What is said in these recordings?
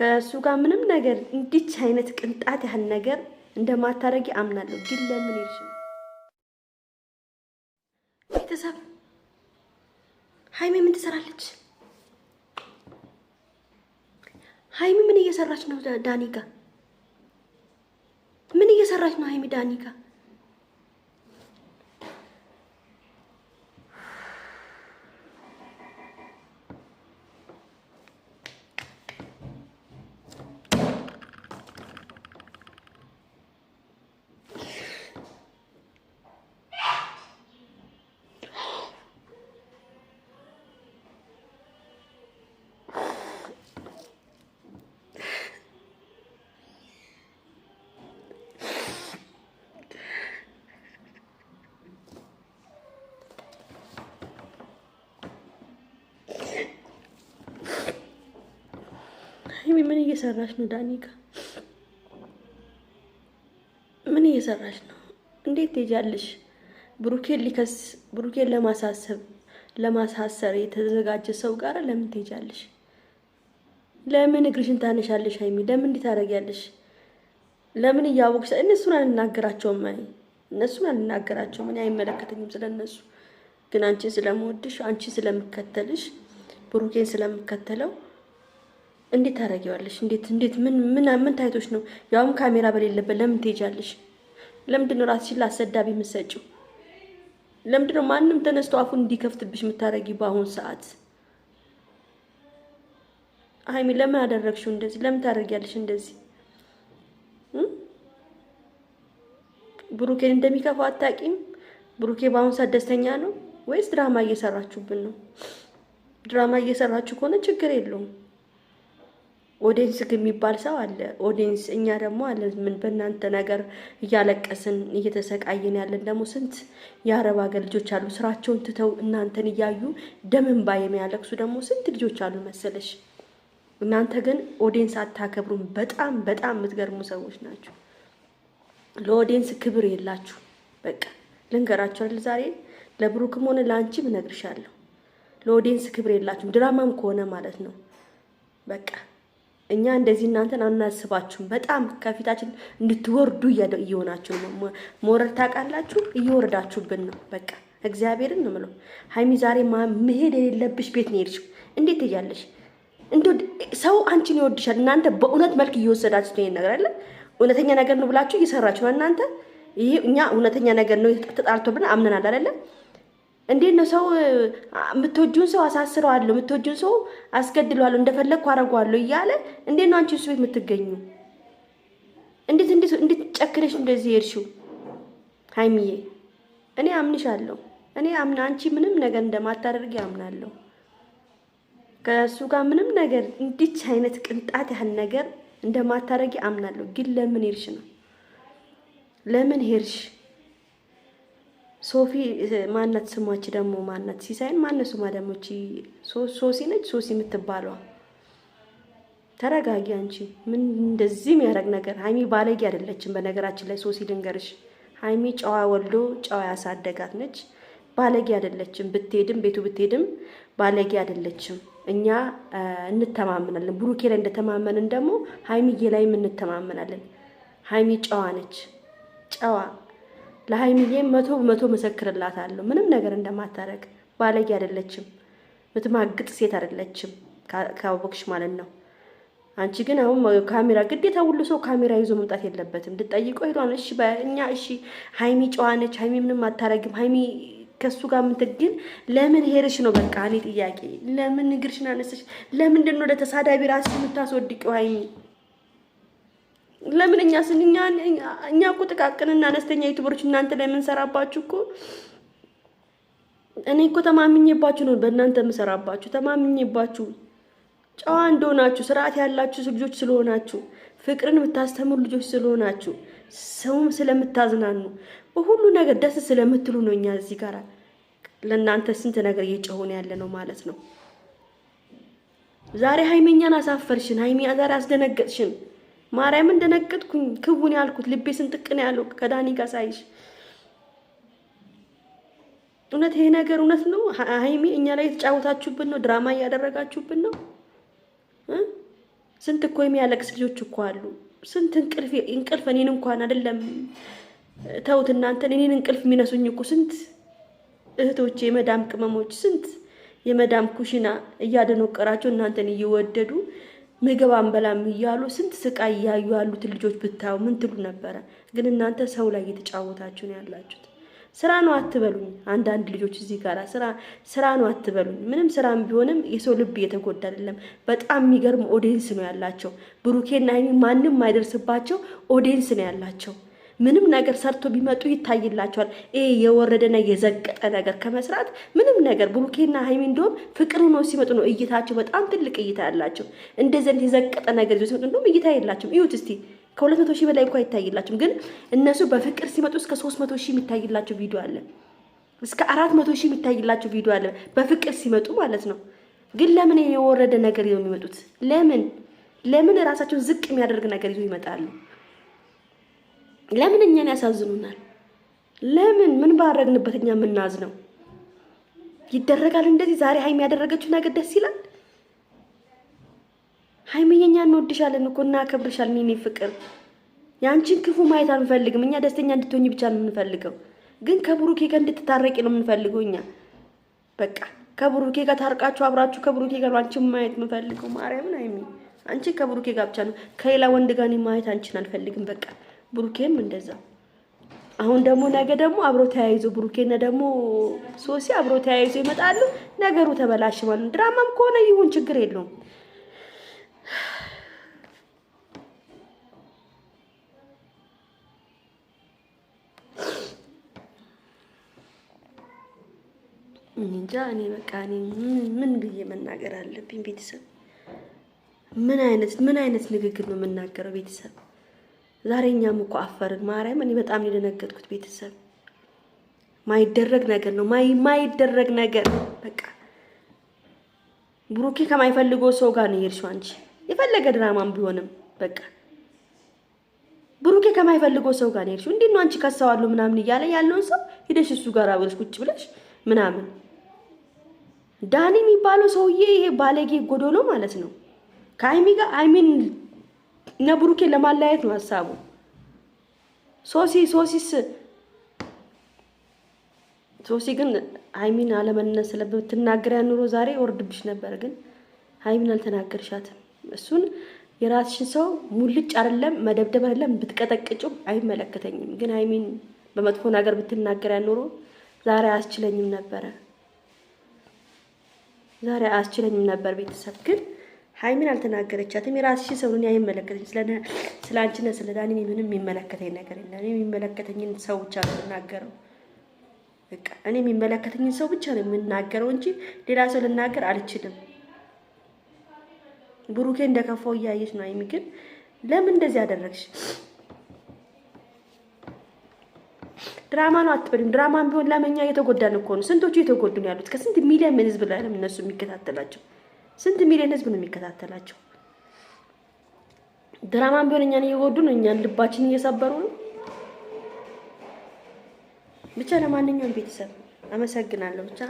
ከእሱ ጋር ምንም ነገር እንዲች አይነት ቅንጣት ያህል ነገር እንደማታረጊ አምናለሁ። ግን ለምን ይልሽ ቤተሰብ ሀይሜ ምን ትሰራለች? ሀይሚ ምን እየሰራች ነው? ዳኒ ምን እየሰራች ነው ሀይሜ ዳኒ እየሰራች ነው? ዳኒ ጋ ምን እየሰራች ነው? እንዴት ትሄጃለሽ? ብሩኬን ሊከስ ብሩኬን ለማሳሰብ ለማሳሰር የተዘጋጀ ሰው ጋር ለምን ትሄጃለሽ? ለምን እግርሽን ታነሻለሽ? ሀይሚ ለምን እንዲህ ታደርጊያለሽ? ለምን እያወቅሽ? እነሱን አልናገራቸውም። እኔ እነሱን አልናገራቸውም። እኔ አይመለከተኝም ስለነሱ። ግን አንቺን ስለምወድሽ፣ አንቺን ስለምከተልሽ፣ ብሩኬን ስለምከተለው እንዴት ታደርጊዋለሽ? እንዴት እንዴት ምን ምን ምን ታይቶች ነው? ያውም ካሜራ በሌለበት ለምን ትሄጃለሽ? ለምንድን ነው ራስሽን ላሰዳቢ የምትሰጪው? ለምንድን ነው ማንም ተነስቶ አፉን እንዲከፍትብሽ የምታደርጊው? በአሁኑ ሰዓት ሀይሚ ለምን አደረግሽው እንደዚህ? ለምን ታደርጊያለሽ እንደዚህ? ብሩኬን እንደሚከፋው አጣቂም? ብሩኬ በአሁኑ ሰዓት ደስተኛ ነው ወይስ ድራማ እየሰራችሁብን ነው? ድራማ እየሰራችሁ ከሆነ ችግር የለውም። ኦዲንስ የሚባል ሰው አለ። ኦዲንስ እኛ ደግሞ አለ ምን በእናንተ ነገር እያለቀስን እየተሰቃየን ያለን ደግሞ ስንት የአረብ ሀገር ልጆች አሉ። ስራቸውን ትተው እናንተን እያዩ ደምን ባ የሚያለቅሱ ደግሞ ስንት ልጆች አሉ መሰለሽ። እናንተ ግን ኦዲንስ አታከብሩም። በጣም በጣም የምትገርሙ ሰዎች ናቸው። ለኦዲንስ ክብር የላችሁ። በቃ ልንገራችሁ ዛሬ ለብሩክም ሆነ ለአንቺም እነግርሻለሁ። ለኦዲንስ ክብር የላችሁም። ድራማም ከሆነ ማለት ነው በቃ እኛ እንደዚህ እናንተን አናስባችሁም። በጣም ከፊታችን እንድትወርዱ እየሆናችሁ ነው። መውረድ ታውቃላችሁ፣ እየወረዳችሁብን ነው። በቃ እግዚአብሔርን ነው የምለው። ሀይሚ ዛሬ መሄድ የሌለብሽ ቤት ነው የሄድሽው። እንዴት እያለሽ እንዲ ሰው አንቺን ይወድሻል። እናንተ በእውነት መልክ እየወሰዳችሁ ነው። ይሄን ነገር አለ እውነተኛ ነገር ነው ብላችሁ እየሰራችሁ ነው እናንተ። ይህ እኛ እውነተኛ ነገር ነው ተጣልቶብን አምነናል አይደለም እንዴት ነው ሰው የምትወጁን ሰው አሳስረዋለሁ፣ የምትወጁን ሰው አስገድለዋለሁ፣ እንደፈለግኩ አደርገዋለሁ እያለ እንዴት ነው አንቺ እሱ ቤት የምትገኙ? እንዴት እንዴት ጨክነሽ እንደዚህ ሄድሽው? ሀይሚዬ እኔ አምንሻለሁ። እኔ አምና አንቺ ምንም ነገር እንደማታደርጊ አምናለሁ። ከእሱ ጋር ምንም ነገር እንዲች አይነት ቅንጣት ያህል ነገር እንደማታደርጊ አምናለሁ። ግን ለምን ሄድሽ ነው? ለምን ሄድሽ? ሶፊ ማነት ስሟች ደግሞ ማነት ሲሳይን ማነት ስሟ ደግሞ ሶሲ ነች። ሶሲ የምትባለዋ ተረጋጊ አንቺ። ምን እንደዚህ የሚያደርግ ነገር ሀይሚ ባለጌ አይደለችም። በነገራችን ላይ ሶሲ ልንገርሽ፣ ሀይሚ ጨዋ ወልዶ ጨዋ ያሳደጋት ነች። ባለጌ አይደለችም። ብትሄድም ቤቱ ብትሄድም ባለጌ አይደለችም። እኛ እንተማመናለን። ብሩኬ ላይ እንደተማመንን ደግሞ ሀይሚዬ ላይም እንተማመናለን። ሀይሚ ጨዋ ነች። ጨዋ ለሀይሚዬም መቶ በመቶ መሰክርላታለሁ ምንም ነገር እንደማታረግ ባለጌ አይደለችም፣ ምትማግጥ ሴት አይደለችም። ካወቅሽ ማለት ነው። አንቺ ግን አሁን ካሜራ ግዴታ ሁሉ ሰው ካሜራ ይዞ መምጣት የለበትም። ልጠይቀው ሄዷን እሺ፣ በእኛ እሺ፣ ሀይሚ ጨዋነች፣ ሀይሚ ምንም አታረግም፣ ሀይሚ ከሱ ጋር የምትግል ለምን ሄርሽ ነው? በቃ እኔ ጥያቄ ለምን እግርሽን አነሰሽ? ለምንድን ነው ለተሳዳቢ ራስሽ የምታስወድቂው ሀይሚ? ለምን እኛ ስንኛ እኛ እኮ ጥቃቅንና አነስተኛ ዩቱበሮች እናንተ ላይ የምንሰራባችሁ እኮ እኔ እኮ ተማምኜባችሁ ነው በእናንተ የምሰራባችሁ። ተማምኜባችሁ ጨዋ እንደሆናችሁ ስርዓት ያላችሁ ልጆች ስለሆናችሁ ፍቅርን የምታስተምሩ ልጆች ስለሆናችሁ ሰውም ስለምታዝናኑ በሁሉ ነገር ደስ ስለምትሉ ነው እኛ እዚህ ጋር ለእናንተ ስንት ነገር እየጨሆን ያለ ነው ማለት ነው። ዛሬ ሀይሜኛን አሳፈርሽን፣ ሀይሜ ዛሬ አስደነገጥሽን። ማርያም እንደነቀጥኩኝ ክውን ያልኩት ልቤ ስንጥቅ ነው ያለው ከዳኒ ጋር ሳይሽ እውነት ይሄ ነገር እውነት ነው። ሀይሚ እኛ ላይ የተጫወታችሁብን ነው፣ ድራማ እያደረጋችሁብን ነው። ስንት እኮ የሚያለቅስ ልጆች እኮ አሉ። ስንት እንቅልፍ እንቅልፍ እኔን እንኳን አይደለም ተውት እናንተን፣ እኔን እንቅልፍ የሚነሱኝ እኮ ስንት እህቶቼ የመዳም ቅመሞች፣ ስንት የመዳም ኩሽና እያደነቀራቸው እናንተን እየወደዱ ምግብ አንበላም እያሉ ስንት ስቃይ እያዩ ያሉትን ልጆች ብታዩ ምን ትሉ ነበረ? ግን እናንተ ሰው ላይ እየተጫወታችሁ ነው ያላችሁት። ስራ ነው አትበሉኝ። አንዳንድ ልጆች እዚህ ጋር ስራ ስራ ነው አትበሉኝ። ምንም ስራም ቢሆንም የሰው ልብ እየተጎዳ አይደለም። በጣም የሚገርም ኦዴንስ ነው ያላቸው። ብሩኬና ሃይሚ ማንም አይደርስባቸው ኦዴንስ ነው ያላቸው። ምንም ነገር ሰርቶ ቢመጡ ይታይላቸዋል። ይሄ የወረደና የዘቀጠ ነገር ከመስራት ምንም ነገር ብሩኬና ሀይሚ እንደውም ፍቅር ሆኖ ሲመጡ ነው እይታቸው በጣም ትልቅ እይታ ያላቸው። እንደዚህ የዘቀጠ ነገር ይዞ ሲመጡ እንደውም እይታ የላቸውም። እዩት እስቲ ከሁለት መቶ ሺህ በላይ እኳ አይታይላቸውም። ግን እነሱ በፍቅር ሲመጡ እስከ ሶስት መቶ ሺህ የሚታይላቸው ቪዲዮ አለ። እስከ አራት መቶ ሺህ የሚታይላቸው ቪዲዮ አለ። በፍቅር ሲመጡ ማለት ነው። ግን ለምን የወረደ ነገር ይዘው የሚመጡት? ለምን ለምን ራሳቸውን ዝቅ የሚያደርግ ነገር ይዞ ይመጣሉ? ለምን እኛን ያሳዝኑናል? ለምን ምን ባረግንበት እኛ የምናዝ ነው? ይደረጋል እንደዚህ። ዛሬ ሀይሚ ያደረገችው ነገር ደስ ይላል። ሀይሚዬ የኛ እንወድሻለን እኮ እናከብርሻለን። የእኔ ፍቅር የአንቺን ክፉ ማየት አንፈልግም። እኛ ደስተኛ እንድትሆኝ ብቻ ነው የምንፈልገው። ግን ከብሩኬ ጋር እንድትታረቂ ነው የምንፈልገው። እኛ በቃ ከብሩኬ ጋር ታርቃችሁ አብራችሁ ከብሩኬ ጋር አንቺን ማየት የምንፈልገው። ማርያምን ሀይሚ አንቺን ከብሩኬ ጋር ብቻ ነው። ከሌላ ወንድ ጋር እኔ ማየት አንቺን አልፈልግም። በቃ ብሩኬም እንደዛ። አሁን ደግሞ ነገ ደግሞ አብሮ ተያይዞ ብሩኬና ደግሞ ሶሲ አብሮ ተያይዞ ይመጣሉ። ነገሩ ተበላሽ ማለት ድራማም ከሆነ ይሁን ችግር የለውም። እንጃ እኔ በቃ እኔ ምን ብዬ መናገር አለብኝ? ቤተሰብ ምን አይነት ምን አይነት ንግግር ነው የምናገረው ቤተሰብ ዛሬ እኛም እኮ አፈርን። ማርያም እኔ በጣም የደነገጥኩት ቤተሰብ ማይደረግ ነገር ነው። ማይ ማይደረግ ነገር በቃ ብሩኬ ከማይፈልገው ሰው ጋር ነው የሄድሽው አንቺ። የፈለገ ድራማም ቢሆንም በቃ ብሩኬ ከማይፈልገው ሰው ጋር ነው የሄድሽው። እንዴት ነው አንቺ ከሰዋለሁ ምናምን እያለ ያለውን ሰው ሄደሽ እሱ ጋር አብረሽ ቁጭ ብለሽ ምናምን። ዳኒ የሚባለው ሰውዬ ይሄ ባለጌ ጎዶሎ ማለት ነው ከአይሚ ጋር አይሚን እና ብሩኬ ለማለያየት ነው ሀሳቡ። ሶሲ ሶሲስ ሶሲ ግን ሀይሚን አለመነን ስለምትናገር ኑሮ ዛሬ ወርድብሽ ነበር፣ ግን ሀይሚን አልተናገርሻትም። እሱን የራስሽን ሰው ሙልጭ አይደለም መደብደብ አይደለም ብትቀጠቅጭው አይመለከተኝም። ግን ሀይሚን በመጥፎ ነገር ብትናገር ኑሮ ዛሬ አያስችለኝም ነበረ ዛሬ አያስችለኝም ነበር ቤተሰብ ግን ሀይሚን አልተናገረቻትም። የራስሽ ሰው ነኝ አይመለከተኝ ስለ አንቺና ስለ ዳኒ ምንም የሚመለከተኝ ነገር የለም። እኔ የሚመለከተኝን ሰው ብቻ ነው የምናገረው። በቃ እኔ የሚመለከተኝን ሰው ብቻ ነው የምናገረው እንጂ ሌላ ሰው ልናገር አልችልም። ብሩኬ እንደከፋው እያየች ነው። ሀይሚ ግን ለምን እንደዚህ አደረግሽ? ድራማ ነው አትበሉም። ድራማም ቢሆን ለመኛ እየተጎዳን እኮ ነው። ስንቶቹ እየተጎዱ ነው ያሉት። ከስንት ሚሊዮን ህዝብ ላይ ነው እነሱ የሚከታተላቸው። ስንት ሚሊዮን ህዝብ ነው የሚከታተላቸው? ድራማም ቢሆን እኛን እየጎዱን እኛን ልባችን እየሰበሩ ነው። ብቻ ለማንኛውም ቤተሰብ አመሰግናለሁ። ብቻ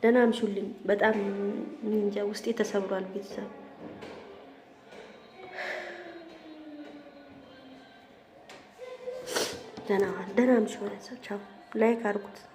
ደህና አምሹልኝ። በጣም እንጃ ውስጤ ተሰብሯል ቤተሰብ ደህና ዋል። ደህና አምሹ። ቻው። ላይክ አድርጉት።